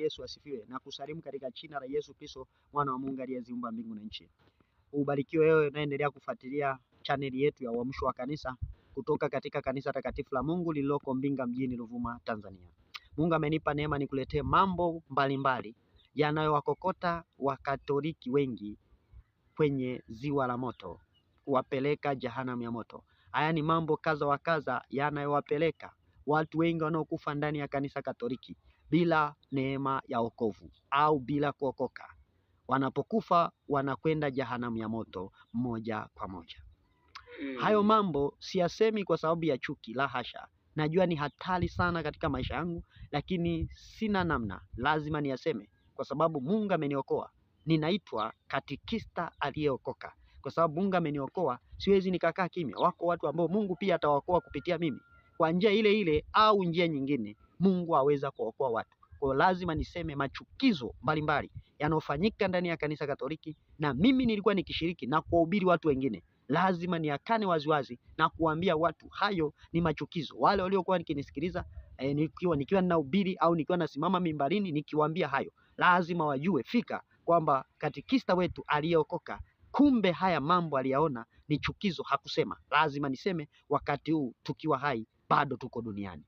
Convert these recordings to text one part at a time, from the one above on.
Yesu asifiwe na kusalimu katika jina la Yesu Kristo mwana wa Mungu aliyeziumba mbingu na nchi. Ubarikiwe wewe unaendelea kufuatilia chaneli yetu ya Uamsho wa Kanisa kutoka katika kanisa takatifu la Mungu lililoko Mbinga mjini Ruvuma, Tanzania. Mungu amenipa neema nikuletee mambo mbalimbali yanayowakokota Wakatoliki wengi kwenye ziwa la moto, kuwapeleka jahanamu ya moto. Haya ni mambo kadha wa kadha yanayowapeleka watu wengi wanaokufa ndani ya kanisa Katoliki bila neema ya wokovu au bila kuokoka, wanapokufa wanakwenda jahanamu ya moto moja kwa moja. Hmm. Hayo mambo siyasemi kwa sababu ya chuki, la hasha. Najua ni hatari sana katika maisha yangu, lakini sina namna, lazima niyaseme kwa sababu Mungu ameniokoa. Ninaitwa katikista aliyeokoka kwa sababu Mungu ameniokoa, siwezi nikakaa kimya. Wako watu ambao Mungu pia atawaokoa kupitia mimi kwa njia ile ile au njia nyingine, Mungu aweza kuokoa watu. Kwa lazima niseme machukizo mbalimbali yanayofanyika ndani ya kanisa Katoliki, na mimi nilikuwa nikishiriki na kuwahubiri watu wengine, lazima niakane waziwazi na kuambia watu hayo ni machukizo. Wale waliokuwa nikinisikiliza eh, nikiwa nikiwa ninahubiri au nikiwa nasimama mimbarini nikiwaambia hayo, lazima wajue fika kwamba katikista wetu aliyeokoka kumbe haya mambo aliyaona ni chukizo, hakusema. Lazima niseme wakati huu tukiwa hai, bado tuko duniani.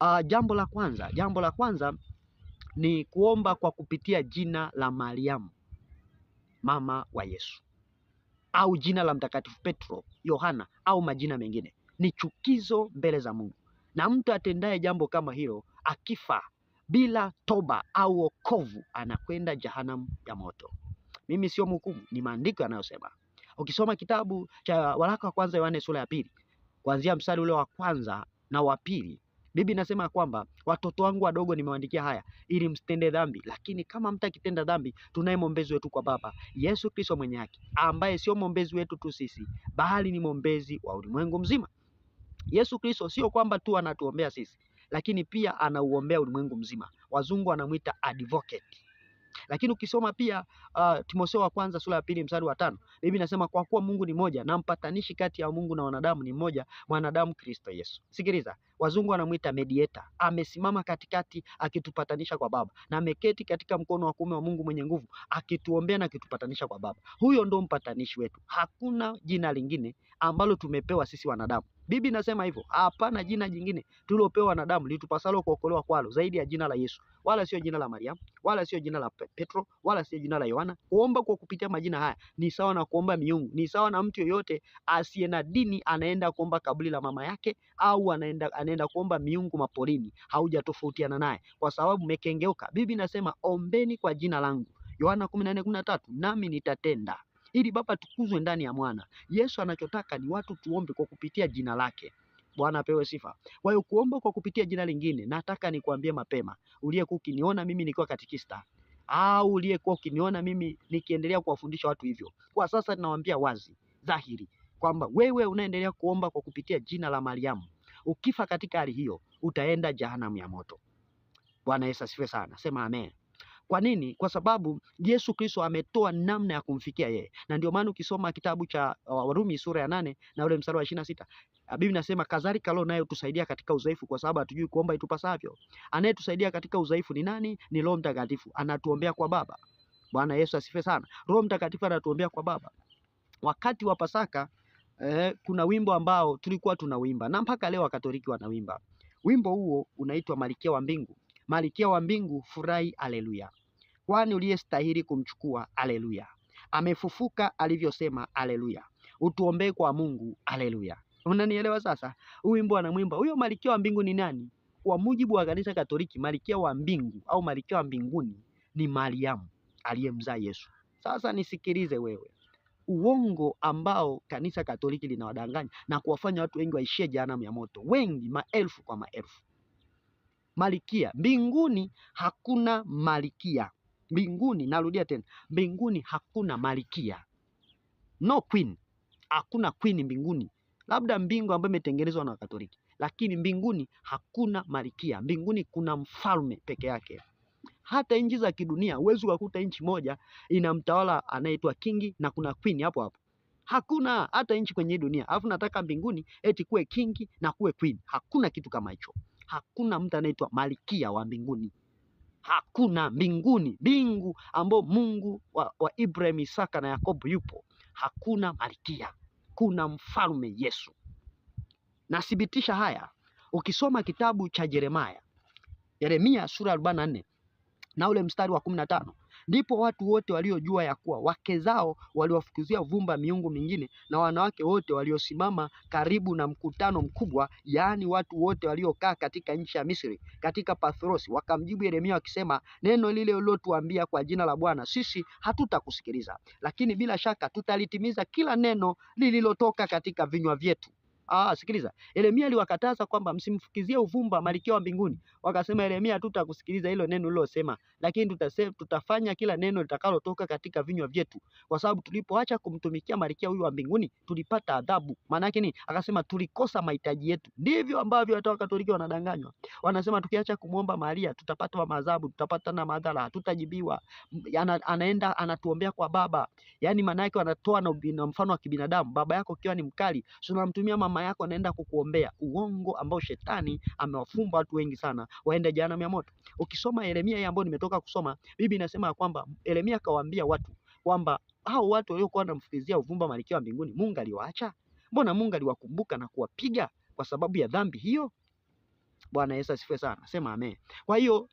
Uh, jambo la kwanza, jambo la kwanza ni kuomba kwa kupitia jina la Mariamu mama wa Yesu au jina la Mtakatifu Petro, Yohana au majina mengine ni chukizo mbele za Mungu, na mtu atendaye jambo kama hilo akifa bila toba au wokovu anakwenda jehanamu ya moto. Mimi sio mhukumu, ni maandiko yanayosema. Ukisoma kitabu cha waraka wa kwanza Yohane sura ya pili kuanzia mstari ule wa kwanza na wa pili bibi inasema kwamba watoto wangu wadogo nimewaandikia haya ili msitende dhambi, lakini kama mtakitenda dhambi, tunaye mwombezi wetu kwa Baba, Yesu Kristo mwenye haki, ambaye sio mwombezi wetu tu sisi, bali ni mwombezi wa ulimwengu mzima. Yesu Kristo sio kwamba tu anatuombea sisi, lakini pia anauombea ulimwengu mzima. Wazungu wanamwita advocate. Lakini ukisoma pia uh, Timotheo wa kwanza sura ya pili mstari wa tano Biblia inasema kwa kuwa Mungu ni moja na mpatanishi kati ya Mungu na wanadamu ni mmoja mwanadamu Kristo Yesu. Sikiliza, wazungu wanamwita mediator. Amesimama katikati akitupatanisha kwa Baba na ameketi katika mkono wa kuume wa Mungu mwenye nguvu akituombea na akitupatanisha kwa Baba. Huyo ndo mpatanishi wetu. Hakuna jina lingine ambalo tumepewa sisi wanadamu Biblia inasema hivyo, hapana jina jingine tulopewa wanadamu litupasalo kuokolewa kwalo zaidi ya jina la Yesu, wala sio jina la Mariamu, wala sio jina la Petro, wala sio jina la Yohana. Kuomba kwa kupitia majina haya ni sawa na kuomba miungu, ni sawa na mtu yoyote asiye na dini anaenda kuomba kaburi la mama yake, au anaenda anaenda kuomba miungu maporini. Haujatofautiana naye kwa sababu mekengeuka Biblia inasema ombeni kwa jina langu, Yohana 14:13, nami nitatenda ili Baba tukuzwe ndani ya Mwana. Yesu anachotaka ni watu tuombe kwa kupitia jina lake. Bwana apewe sifa. Kwa hiyo kuomba kwa kupitia jina lingine, nataka nikuambie mapema, uliyekuwa ukiniona mimi nikiwa katikista au uliyekuwa ukiniona mimi nikiendelea kuwafundisha watu hivyo, kwa sasa ninawaambia wazi dhahiri kwamba wewe unaendelea kuomba kwa kupitia jina la Mariamu, ukifa katika hali hiyo utaenda jahanamu ya moto. Bwana Yesu asifiwe sana, sema amen. Kwa nini? Kwa sababu Yesu Kristo ametoa namna ya kumfikia yeye, na ndio maana ukisoma kitabu cha uh, Warumi sura ya nane na ule mstari wa ishirini na sita uh, Biblia inasema kadhalika leo naye utusaidia katika udhaifu, kwa sababu hatujui kuomba itupasavyo. Anayetusaidia katika udhaifu ni nani? Ni Roho Mtakatifu, anatuombea kwa Baba. Bwana Yesu asifiwe sana. Roho Mtakatifu anatuombea kwa Baba. Wakati wa Pasaka eh, kuna wimbo ambao tulikuwa tunawimba na mpaka leo Wakatoliki wanawimba wimbo huo, unaitwa Malikia wa Mbingu, Malikia wa Mbingu, furahi, aleluya kwani uliyestahili kumchukua. Haleluya, amefufuka alivyosema. Haleluya, utuombee kwa Mungu. Haleluya, unanielewa sasa? Huu wimbo anamwimba huyo malikia wa mbingu ni nani? Kwa mujibu wa kanisa Katoliki, malikia wa mbingu au malikia wa mbinguni ni Mariamu aliyemzaa Yesu. Sasa nisikilize wewe, uongo ambao kanisa Katoliki linawadanganya na kuwafanya watu wengi waishie jehanamu ya moto, wengi maelfu kwa maelfu. malikia mbinguni, hakuna malikia Mbinguni, narudia tena, mbinguni hakuna malikia, no queen. Hakuna queen mbinguni, labda mbingu ambayo imetengenezwa na Wakatoliki, lakini mbinguni hakuna malikia. Mbinguni kuna mfalme peke yake. Hata nchi za kidunia huwezi ukakuta nchi moja ina mtawala anayeitwa kingi na kuna queen hapo hapo. Hakuna hata nchi kwenye dunia, alafu nataka mbinguni eti kuwe kingi na kuwe queen. Hakuna kitu kama hicho. Hakuna mtu anaitwa malikia wa mbinguni hakuna mbinguni, mbingu ambao Mungu wa, wa Ibrahim, Isaka na Yakobo yupo, hakuna malkia, kuna mfalme Yesu. Nathibitisha haya ukisoma kitabu cha Yeremia, Yeremia sura 44 na ule mstari wa kumi na tano. Ndipo watu wote waliojua ya kuwa wake zao waliwafukuzia vumba miungu mingine na wanawake wote waliosimama karibu na mkutano mkubwa, yaani watu wote waliokaa katika nchi ya Misri, katika Pathrosi, wakamjibu Yeremia wakisema, neno lile ulilotuambia kwa jina la Bwana sisi hatutakusikiliza, lakini bila shaka tutalitimiza kila neno lililotoka katika vinywa vyetu. Ah, sikiliza. Yeremia aliwakataza kwamba msimfukizie uvumba malikia wa mbinguni. Wakasema, Yeremia, hatutakusikiliza hilo neno ulilosema, lakini tutasema, tutafanya kila neno litakalotoka katika vinywa vyetu, kwa sababu tulipoacha kumtumikia malikia huyu wa mbinguni tulipata adhabu. Maana yake nini? Akasema tulikosa mahitaji yetu. Ndivyo ambavyo hata Wakatoliki wanadanganywa, wanasema tukiacha kumwomba Maria tutapata maadhabu, tutapata na madhara, hatutajibiwa. Ana, anaenda anatuombea kwa Baba, yaani maana yake wanatoa na, na mfano wa kibinadamu. Baba yako ukiwa ni mkali, unamtumia mama mama yako anaenda kukuombea uongo ambao shetani amewafumba watu wengi sana waende jehanamu ya moto. Ukisoma Yeremia ambayo nimetoka kusoma, bibi inasema ya kwamba Yeremia akawaambia watu kwamba hao watu waliokuwa wanamfikiria uvumba malkia wa mbinguni Mungu aliwaacha? Mbona Mungu aliwakumbuka na kuwapiga kwa sababu ya dhambi hiyo? Bwana Yesu asifiwe sana, sema amen. Kwa hiyo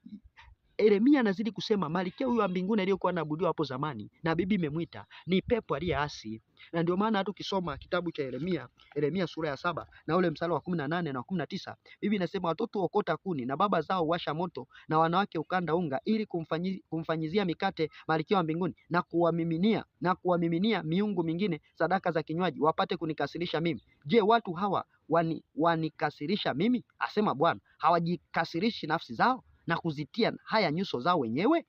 Yeremia anazidi kusema malkia huyo wa mbinguni aliyokuwa anaabudiwa hapo zamani na bibi imemwita ni pepo aliyeasi. Na ndio maana hata ukisoma kitabu cha Yeremia, Yeremia sura ya saba na ule mstari wa kumi na nane na kumi na tisa bibi inasema watoto wokota kuni na baba zao washa moto na wanawake ukanda unga ili kumfanyi, kumfanyizia mikate malkia wa mbinguni na kuwamiminia na kuwamiminia miungu mingine sadaka za kinywaji wapate kunikasirisha mimi. Je, watu hawa wani, wanikasirisha mimi? Asema Bwana, hawajikasirishi nafsi zao? na kuzitia haya nyuso zao wenyewe?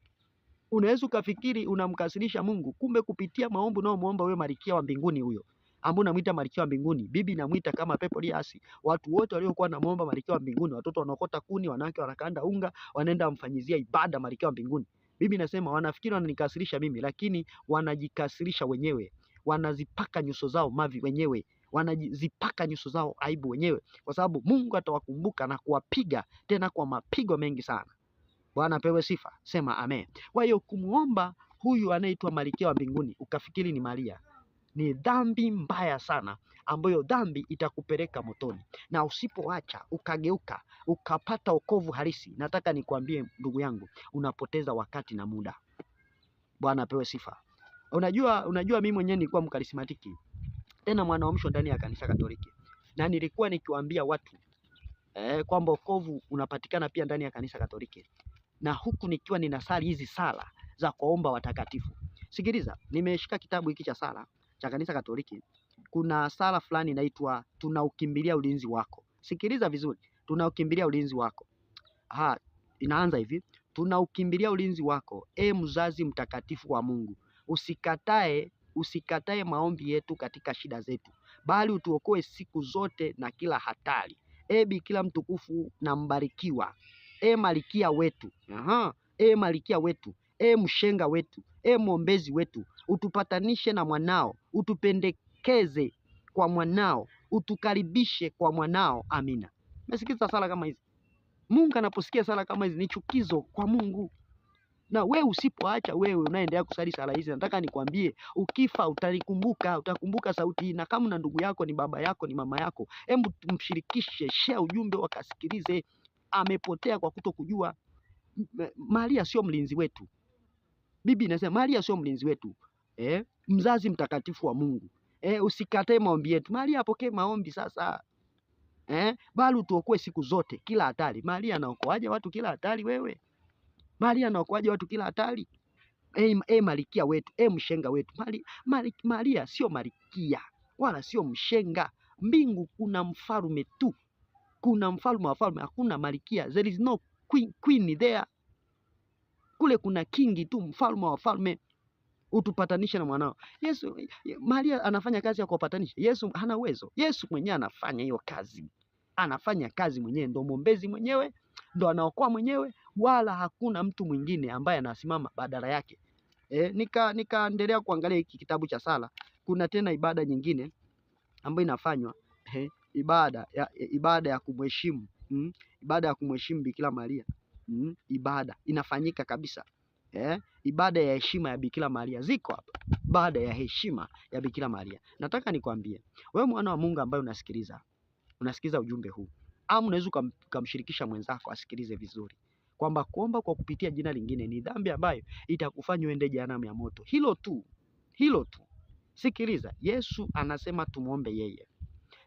Unaweza ukafikiri unamkasirisha Mungu, kumbe kupitia maombi unaomwomba wewe Malkia wa Mbinguni huyo ambao namwita Malkia wa Mbinguni, bibi namwita kama pepo liasi. Watu wote waliokuwa namuomba Malkia wa Mbinguni, watoto wanaokota kuni, wanawake wanakanda unga, wanaenda mfanyizia ibada Malkia wa Mbinguni. Bibi nasema wanafikiri wananikasirisha mimi, lakini wanajikasirisha wenyewe, wanazipaka nyuso zao mavi wenyewe wanajizipaka nyuso zao aibu wenyewe, kwa sababu Mungu atawakumbuka na kuwapiga tena kwa mapigo mengi sana. Bwana apewe sifa, sema amen. Kwa hiyo kumwomba huyu anayeitwa malikia wa Mbinguni ukafikiri ni Maria ni dhambi mbaya sana, ambayo dhambi itakupeleka motoni, na usipoacha ukageuka ukapata wokovu halisi, nataka nikwambie ndugu yangu, unapoteza wakati na muda. Bwana apewe sifa. Unajua, unajua mimi mwenyewe nilikuwa mkarismatiki, tena mwanamsho ndani ya kanisa Katoliki, na nilikuwa nikiwaambia watu eh, kwamba wokovu unapatikana pia ndani ya kanisa Katoliki, na huku nikiwa ninasali hizi sala za kuomba watakatifu. Sikiliza, nimeshika kitabu hiki cha sala cha kanisa Katoliki. Kuna sala fulani inaitwa tunaukimbilia ulinzi wako. Sikiliza vizuri, tunaukimbilia ulinzi wako. Ha, inaanza hivi: tunaukimbilia ulinzi wako, e mzazi mtakatifu wa Mungu, usikatae Usikatae maombi yetu katika shida zetu, bali utuokoe siku zote na kila hatari. E ee Bikira mtukufu na mbarikiwa, e ee malikia wetu, aha, e ee malikia wetu, e mshenga wetu, e mwombezi wetu, utupatanishe na mwanao, utupendekeze kwa mwanao, utukaribishe kwa mwanao. Amina. Mesikiza sala kama hizi, Mungu anaposikia sala kama hizi ni chukizo kwa Mungu na we usipoacha, wewe unaendelea kusali sala hizi, nataka nikwambie, ukifa utalikumbuka, utakumbuka sauti hii. Na kama na ndugu yako, ni baba yako, ni mama yako, hebu mshirikishe, share ujumbe wakasikilize. Amepotea kwa kuto kujua. Maria sio mlinzi wetu, bibi inasema Maria sio mlinzi wetu eh? Mzazi mtakatifu wa Mungu eh, usikatae maombi yetu. Maria apokee maombi sasa eh? Bali tuokoe siku zote, kila hatari. Maria anaokoaje watu kila hatari? Wewe Maria anaokoaje watu kila hatari? E, e malikia wetu, e mshenga wetu. Mari, Mari, Maria sio malikia wala sio mshenga. Mbingu kuna mfalume tu, kuna mfalme wa falme, hakuna malikia. There is no queen, queen there. Kule kuna kingi tu, mfalme wa falme. Utupatanishe na mwanao Yesu. Maria anafanya kazi ya kuwapatanisha. Yesu hana uwezo. Yesu mwenyewe anafanya hiyo kazi, anafanya kazi mwenyewe, ndio mwombezi mwenyewe ndo anaokoa mwenyewe, wala hakuna mtu mwingine ambaye anasimama badala yake. E, nika nikaendelea kuangalia hiki kitabu cha sala. Kuna tena ibada nyingine ambayo inafanywa e, ibada ya, ibada ya kumheshimu mm, ibada ya kumheshimu Bikira Maria mm, ibada inafanyika kabisa e, ibada ya heshima ya Bikira Maria ziko hapa, ibada ya heshima ya Bikira Maria. Nataka nikwambie wewe mwana wa Mungu ambaye unasikiliza unasikiliza ujumbe huu ama unaweza ukamshirikisha mwenzako asikilize vizuri kwamba kuomba kwa kupitia jina lingine ni dhambi ambayo itakufanya uende jehanamu ya moto. Hilo tu, hilo tu. Sikiliza, Yesu anasema tumwombe yeye.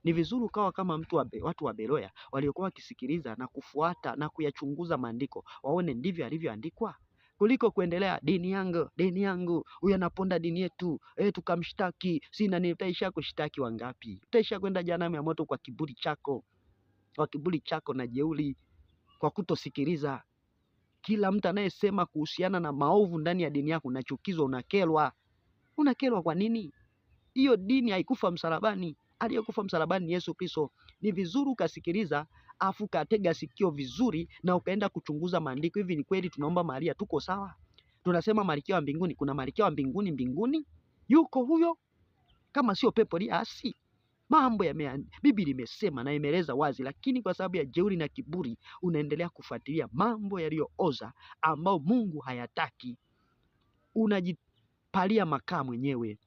Ni vizuri ukawa kama mtu wa be, watu wa Beroya waliokuwa wakisikiliza na kufuata na kuyachunguza maandiko waone ndivyo alivyoandikwa, kuliko kuendelea dini yangu dini yangu, huyu anaponda dini yetu e, tukamshtaki sina. Utaisha kushtaki wangapi? Utaisha kwenda jehanamu ya moto kwa kiburi chako kwa kiburi chako na jeuri, kwa kutosikiliza kila mtu anayesema kuhusiana na maovu ndani ya dini yako. Unachukizwa, unakelwa. Unakelwa kwa nini? Hiyo dini haikufa msalabani. Aliyekufa msalabani ni Yesu Kristo. Ni vizuri ukasikiliza, afu katega sikio vizuri, na ukaenda kuchunguza maandiko. Hivi ni kweli tunaomba Maria, tuko sawa? Tunasema malkia wa mbinguni, kuna malkia wa mbinguni? Mbinguni yuko huyo? Kama sio pepo liasi Mambo yame Biblia imesema na imeeleza wazi, lakini kwa sababu ya jeuri na kiburi unaendelea kufuatilia mambo yaliyooza ambao Mungu hayataki, unajipalia makaa mwenyewe.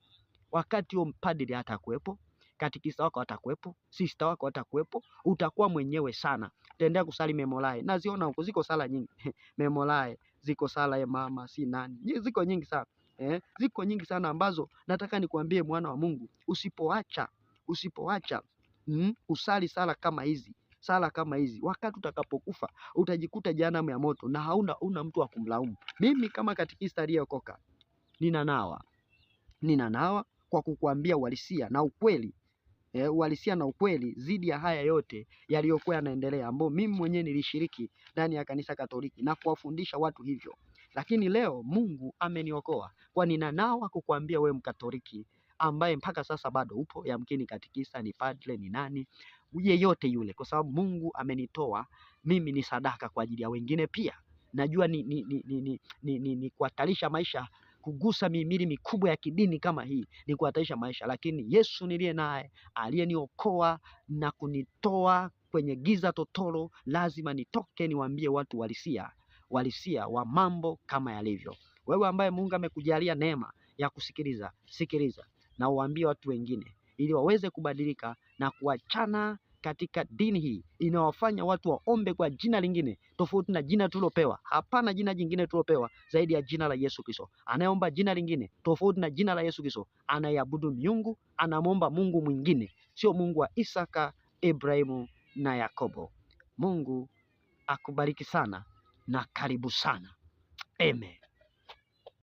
Wakati huo mpadili hatakuwepo, katikisa wako hatakuwepo, sista wako hatakuwepo, utakuwa mwenyewe sana. Utaendelea kusali memolae, naziona huko ziko sala nyingi memolae, ziko sala ya mama si nani, ziko nyingi sana eh, ziko nyingi sana ambazo nataka nikuambie mwana wa Mungu, usipoacha usipoacha mm, usali sala kama hizi sala kama hizi, wakati utakapokufa utajikuta jehanamu ya moto na hauna una mtu wa kumlaumu. Mimi kama nina nawa nina nawa kwa kukuambia uhalisia na ukweli e, uhalisia na ukweli dhidi ya haya yote yaliyokuwa yanaendelea, ambao mimi mwenyewe nilishiriki ndani ya kanisa Katoliki na kuwafundisha watu hivyo, lakini leo Mungu ameniokoa kwa ninanawa kukuambia we Mkatoliki ambaye mpaka sasa bado upo, yamkini katikisa ni padre ni nani yeyote yule, kwa sababu Mungu amenitoa mimi ni sadaka kwa ajili ya wengine pia. Najua ni, ni, ni, ni, ni, ni, ni, ni kuhatarisha maisha kugusa mihimili mikubwa ya kidini kama hii ni kuhatarisha maisha, lakini Yesu niliye naye aliyeniokoa na kunitoa kwenye giza totoro, lazima nitoke niwaambie watu walisia walisia wa mambo kama yalivyo. Wewe ambaye Mungu amekujalia neema ya kusikiliza, sikiliza na uwaambie watu wengine ili waweze kubadilika na kuachana katika dini hii inawafanya watu waombe kwa jina lingine tofauti na jina tulopewa. Hapana jina jingine tulopewa zaidi ya jina la Yesu Kristo. Anayeomba jina lingine tofauti na jina la Yesu Kristo anayeabudu miungu, anamwomba Mungu mwingine, sio Mungu wa Isaka, Ibrahimu na Yakobo. Mungu akubariki sana na karibu sana. Amen.